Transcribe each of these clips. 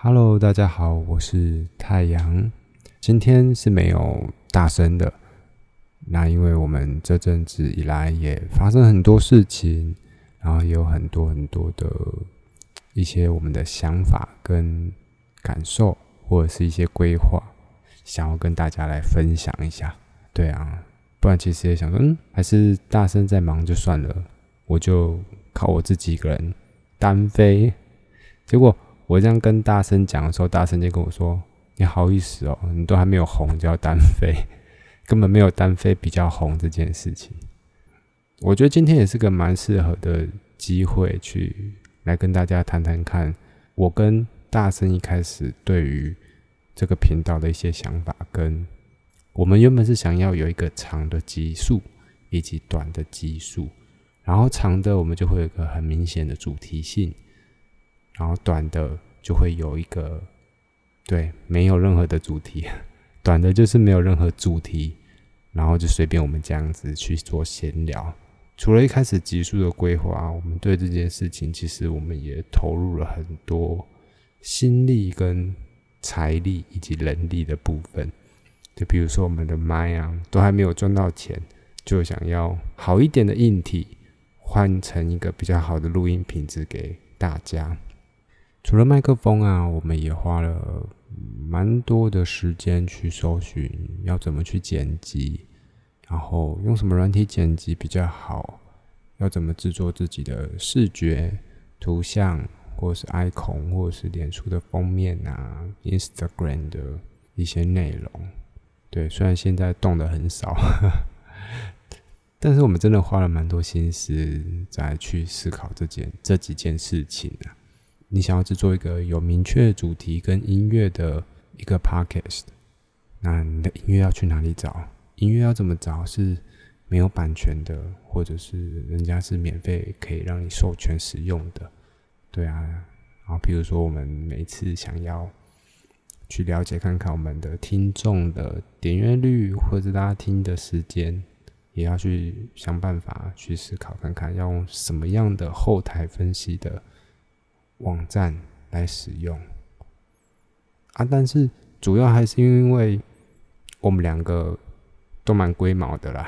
Hello，大家好，我是太陽。今天是沒有大森的，那因為我們這陣子以來也發生很多事情，然後也有很多很多的一些我們的想法跟感受，或者是一些規劃，想要跟大家來分享一下。對啊，不然其實也想說，嗯，還是大森在忙就算了，我就靠我自己一個人單飛，結果。我這樣跟大森講的時候，大森就跟我說：“你好意思哦、喔，你都還沒有紅就要單飛，根本沒有單飛比較紅這件事情。”我覺得今天也是個蠻適合的機會，去來跟大家談談看，我跟大森一開始對於這個頻道的一些想法，跟我們原本是想要有一個長的集數以及短的集數，然後長的我們就會有一個很明顯的主題性。然後短的就會有一個，對，沒有任何的主題，短的就是沒有任何主題，然後就隨便我們這樣子去做閒聊。除了一開始急速的規劃，我們對這件事情其實我們也投入了很多心力、跟財力以及人力的部分。就比如說我們的麥啊，都還沒有賺到錢，就想要好一點的硬體，換成一個比較好的錄音品質給大家。除了麥克風啊，我們也花了蠻多的時間去搜尋，要怎麼去剪輯，然後用什麼軟體剪輯比較好，要怎麼製作自己的視覺圖像，或是 icon 或是臉書的封面啊，Instagram 的一些內容。對，雖然現在動得很少，哈哈。但是我們真的花了蠻多心思在去思考這件這幾件事情啊。你想要製作一個有明確主題跟音樂的一個 podcast，那你的音樂要去哪裡找？音樂要怎麼找？是沒有版權的，或者是人家是免費可以讓你授權使用的。對啊，然後比如說我們每一次想要去了解看看我們的聽眾的點閱率，或者大家聽的時間，也要去想辦法去思考看看要用什麼樣的後台分析的。網站來使用啊，但是主要還是因為我們兩個都蠻龜毛的啦。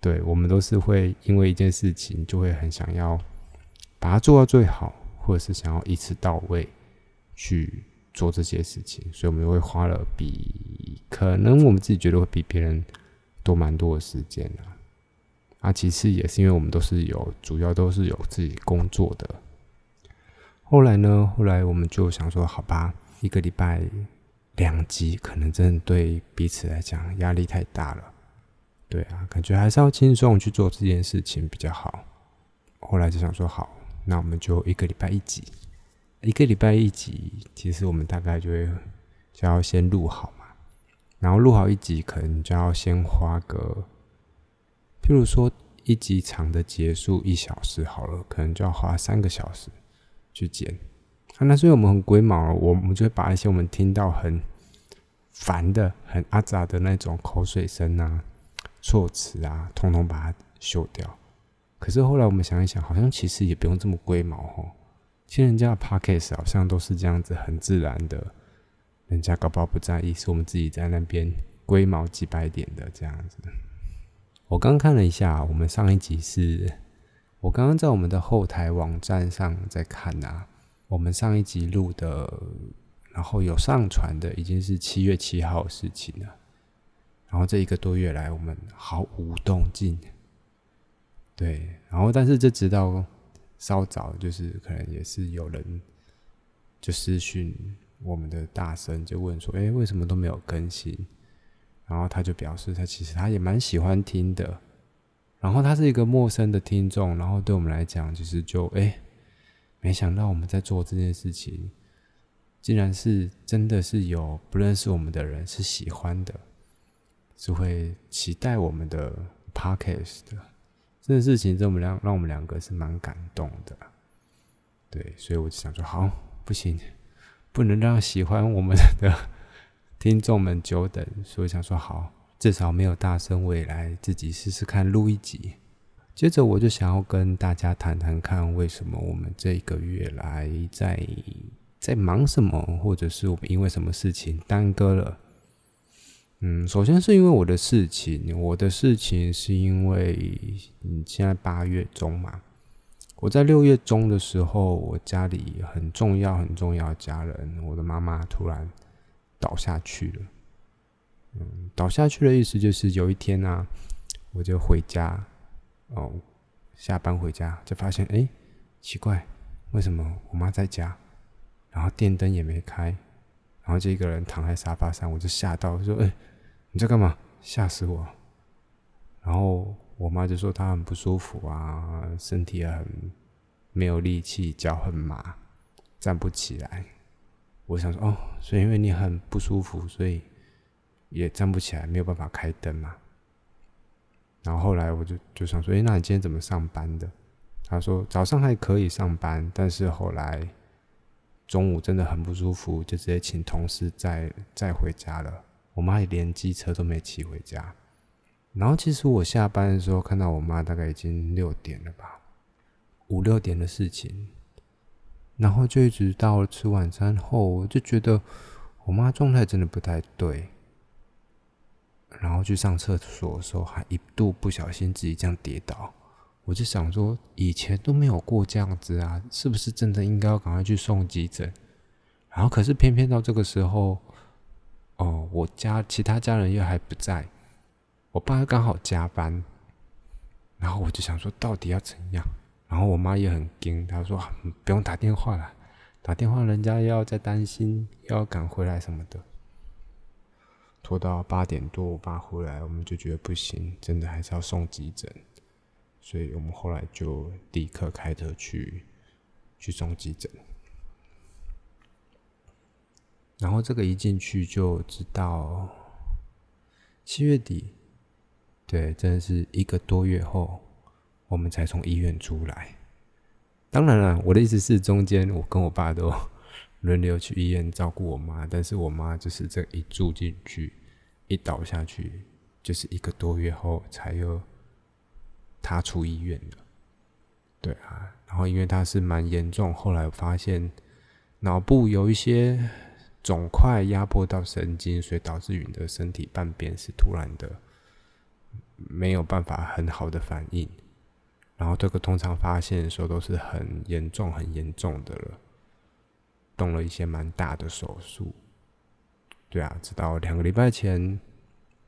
對，我們都是會因為一件事情就會很想要把它做到最好，或者是想要一次到位去做這些事情，所以我們會花了比可能我們自己覺得會比別人多蠻多的時間啊，啊，其次也是因為我們都是有主要都是有自己工作的。後來呢？後來我們就想說，好吧，一個禮拜兩集，可能真的對彼此來講壓力太大了。對啊，感覺還是要輕鬆去做這件事情比較好。後來就想說，好，那我們就一個禮拜一集。一個禮拜一集，其實我們大概就會就要先錄好嘛。然後錄好一集，可能就要先花個，譬如說一集長的結束一小時好了，可能就要花三個小時。去剪，啊，那所以我們很龜毛，我們就會把一些我們聽到很煩的、很阿雜的那種口水聲啊、措辭啊，統統把它修掉。可是後來我們想一想，好像其實也不用這麼龜毛哦，其實人家的 podcast 好像都是這樣子，很自然的，人家搞不好不在意，是我們自己在那邊龜毛幾百點的這樣子。我剛看了一下，我們上一集是。我剛剛在我們的後台網站上在看吶、啊，我們上一集錄的，然後有上傳的已經是七月七號的事情了，然後這一個多月來我們毫無動靜，對，然後但是這直到稍早就是可能也是有人就私訊我們的大森就問說，誒，為什麼都沒有更新？然後他就表示他其實他也蠻喜歡聽的。然後他是一個陌生的聽眾，然後對我們來講，就是就哎，沒想到我們在做這件事情，竟然是真的是有不認識我們的人是喜歡的，是會期待我們的 podcast 的，這件事情讓我們讓讓我們兩個是蠻感動的，對，所以我就想說好，不行，不能讓喜歡我們的聽眾們久等，所以我想說好。至少沒有大森，未來自己試試看錄一集。接着我就想要跟大家談談看為什麼我們這個月來在在忙什麼，或者是我們因為什麼事情耽擱了。嗯，首先是因為我的事情，我的事情是因為嗯，現在八月中嘛，我在六月中的時候，我家裡很重要很重要的家人，我的媽媽突然倒下去了。嗯，倒下去的意思就是有一天呢、啊，我就回家，哦，下班回家就發現，哎、欸，奇怪，為什麼我媽在家，然後電燈也沒開，然後就一個人躺在沙發上，我就嚇到，說，哎、欸，你在幹嘛？嚇死我！然後我媽就說她很不舒服啊，身體也很沒有力氣，腳很麻，站不起來。我想說，哦，所以因為你很不舒服，所以。也站不起來，沒有辦法開燈嘛。然後後來我就就想說：“誒，那你今天怎麼上班的？”他說：“早上還可以上班，但是後來中午真的很不舒服，就直接請同事再再回家了。我媽也連機車都沒騎回家。然後其實我下班的時候看到我媽大概已經六點了吧，五六點的事情。然後就一直到吃晚餐後，我就覺得我媽狀態真的不太對。”然後去上廁所的時候，還一度不小心自己這樣跌倒，我就想說以前都沒有過這樣子啊，是不是真的應該要趕快去送急診？然後可是偏偏到這個時候，哦，我家其他家人又還不在，我爸剛好加班，然後我就想說到底要怎樣？然後我媽也很驚，她說不用打電話了，打電話人家又要再擔心，又要趕回來什麼的。拖到八點多，我爸回來，我們就覺得不行，真的還是要送急診，所以我們後來就立刻開車去去送急診。然後這個一進去就直到七月底，對，真的是一個多月後，我們才從醫院出來。當然了，我的意思是，中間我跟我爸都輪流去醫院照顧我媽，但是我媽就是這一住進去。一倒下去，就是一個多月後才又踏出醫院了，對啊。然後因為他是蠻嚴重，後來我發現腦部有一些腫塊壓迫到神經，所以導致你的身體半邊是突然的沒有辦法很好的反應。然後這個通常發現的時候都是很嚴重、很嚴重的了，動了一些蠻大的手術。對啊，直到兩個禮拜前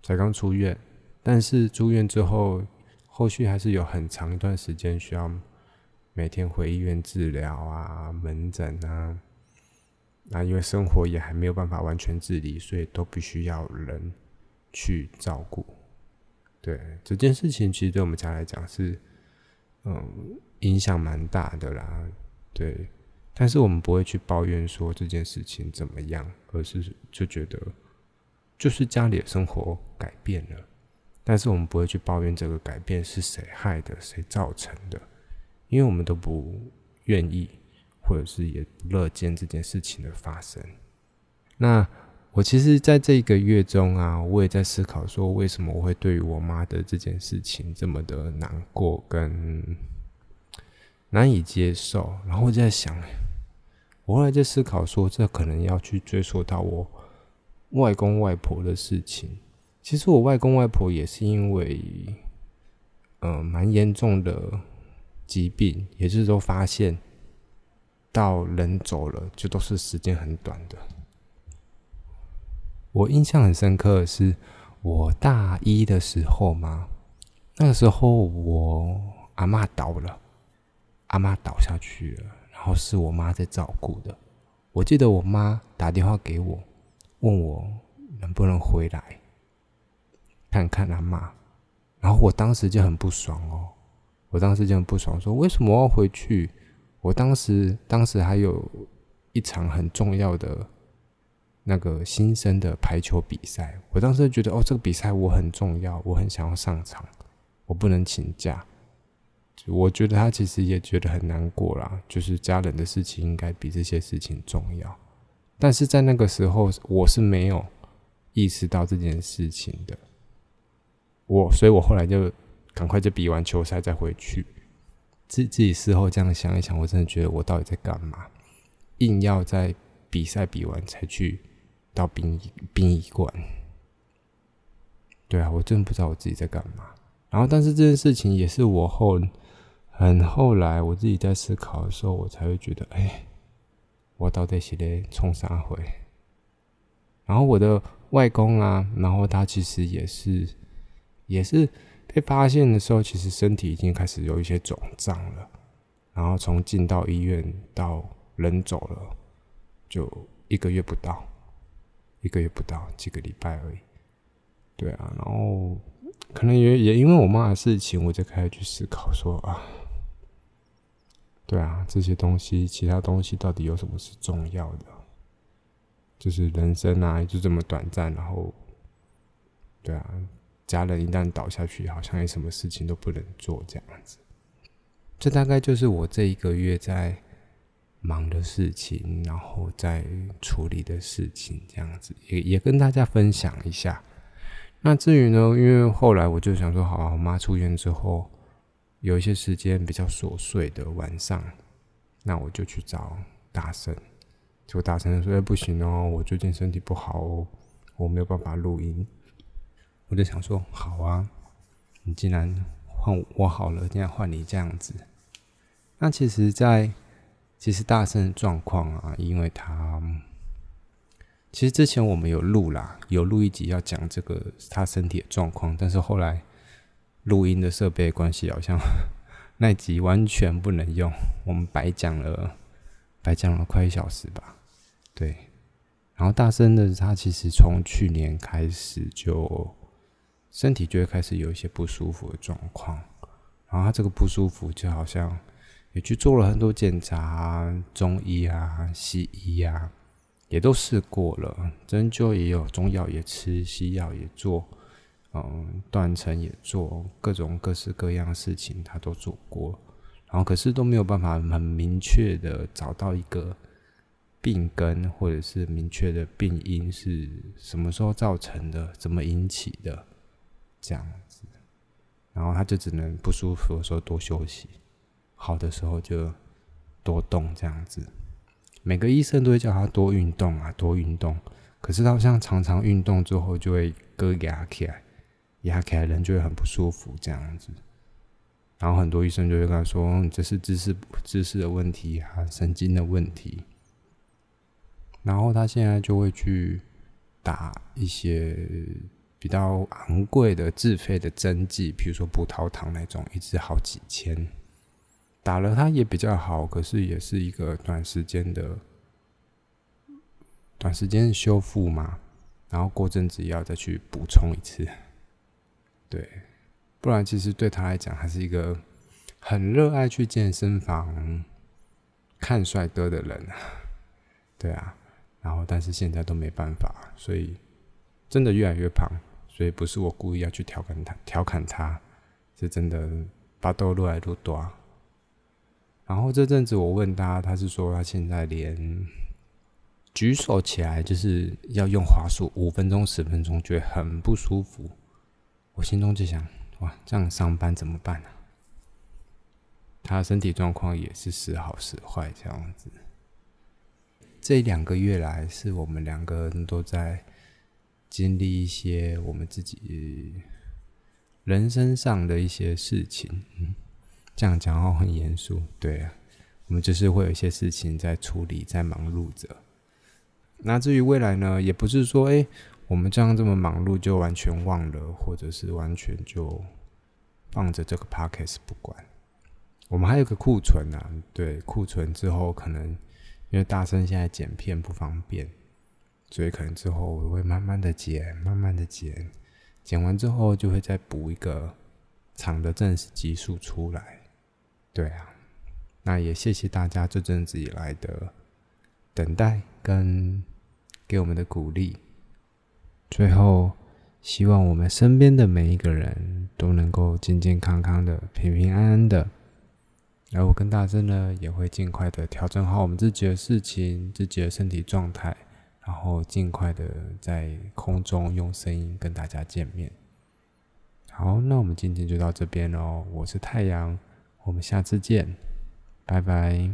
才剛出院，但是住院之後，後續還是有很長一段時間需要每天回醫院治療啊、門診啊。那、啊、因為生活也還沒有辦法完全自理，所以都必須要人去照顧。對，這件事情其實對我們家來講是嗯影響蠻大的啦，對。但是我們不會去抱怨說這件事情怎麼樣，而是就覺得就是家裡的生活改變了。但是我們不會去抱怨這個改變是誰害的、誰造成的，因為我們都不願意，或者是也不樂見這件事情的發生。那我其實在這一個月中啊，我也在思考說，為什麼我會對於我媽的這件事情這麼的難過跟難以接受？然後我就在想。我後來就思考說，這可能要去追溯到我外公外婆的事情。其實我外公外婆也是因為，呃，蠻嚴重的疾病，也就是都發現到人走了，就都是時間很短的。我印象很深刻的是，我大一的時候嘛，那個時候我阿嬤倒了，阿嬤倒下去了。然後是我媽在照顧的，我記得我媽打電話給我，問我能不能回來看看阿嬤，然後我當時就很不爽哦，我當時就很不爽，說為什麼要回去？我當時當時還有一場很重要的那個新生的排球比賽，我當時就覺得哦，這個比賽我很重要，我很想要上場，我不能請假。我覺得他其實也覺得很難過啦，就是家人的事情應該比這些事情重要。但是在那個時候，我是沒有意識到這件事情的。我，所以我後來就趕快就比完球賽再回去。自己自己事後這樣想一想，我真的覺得我到底在幹嘛？硬要在比賽比完才去到殯儀殯儀館。對啊，我真的不知道我自己在幹嘛。然後，但是這件事情也是我後。很後來，我自己在思考的時候，我才會覺得，哎，我到底是在衝啥毀？然後我的外公啊，然後他其實也是，也是被發現的時候，其實身體已經開始有一些腫脹了。然後從進到醫院到人走了，就一個月不到，一個月不到，幾個禮拜而已。對啊，然後可能也也因為我媽的事情，我就開始去思考說啊。對啊，這些東西，其他東西到底有什麼是重要的？就是人生啊，就這麼短暫。然後，對啊，家人一旦倒下去，好像也什麼事情都不能做這樣子。這大概就是我這一個月在忙的事情，然後在處理的事情這樣子，也也跟大家分享一下。那至於呢，因為後來我就想說，好啊，我媽出院之後。有一些時間比較瑣碎的晚上，那我就去找大森。結果大森說：“哎、欸，不行哦，我最近身體不好哦，我沒有辦法錄音。”我就想說：“好啊，你既然換我，我好了，現在換你這樣子。”那其實在，在其實大森的狀況啊，因為他其實之前我們有錄啦，有錄一集要講這個他身體的狀況，但是後來。錄音的設備關係，好像那集完全不能用，我們白講了，白講了快一小時吧。對，然後大森的他其實從去年開始就身體就會開始有一些不舒服的狀況，然後他這個不舒服就好像也去做了很多檢查、啊，中醫啊、西醫啊，也都試過了，針灸也有，中藥也吃，西藥也做。嗯，斷層也做各種各式各樣的事情，他都做過，然後可是都沒有辦法很明確的找到一個病根，或者是明確的病因是什麼時候造成的，怎麼引起的這樣子，然後他就只能不舒服的時候多休息，好的時候就多動這樣子。每個醫生都會叫他多運動啊，多運動，可是他好像常常運動之後就會咯牙起來。壓起來人就會很不舒服，這樣子。然後很多醫生就會跟他說：“這是姿勢姿勢的問題啊，神經的問題。”然後他現在就會去打一些比較昂貴的自費的針劑，比如說葡萄糖那種，一支，好幾千。打了它，也比較好，可是也是一個短時間的短時間修復嘛。然後過陣子要再去補充一次。對，不然其實對他來講，他是一個很熱愛去健身房看帥哥的人啊。對啊，然後但是現在都沒辦法，所以真的越來越胖。所以不是我故意要去調侃他，調侃他，是真的巴豆越來越大。然後這陣子我問他，他是說他現在連舉手起來就是要用滑鼠，五分鐘十分鐘覺得很不舒服。我心中就想，哇，這樣上班怎麼辦呢？啊。他的身體狀況也是時好時壞，這樣子。這兩個月來，是我們兩個人都在經歷一些我們自己人生上的一些事情。嗯，這樣講話很嚴肅。對啊，我們就是會有一些事情在處理，在忙碌着。那至於未來呢，也不是說，哎，欸。我們這樣這麼忙碌，就完全忘了，或者是完全就放着這個 podcast 不管。我們還有個庫存啊，對，庫存之後可能因為大森現在剪片不方便，所以可能之後我會慢慢的剪，慢慢的剪，剪完之後就會再補一個長的正式集數出來。對啊，那也謝謝大家這陣子以來的等待跟給我們的鼓勵。最後，希望我們身邊的每一個人都能夠健健康康的、平平安安的。而我跟大森呢，也會盡快的調整好我們自己的事情、自己的身體狀態，然後盡快的在空中用聲音跟大家見面。好，那我們今天就到這邊嘍。我是太陽，我們下次見，拜拜。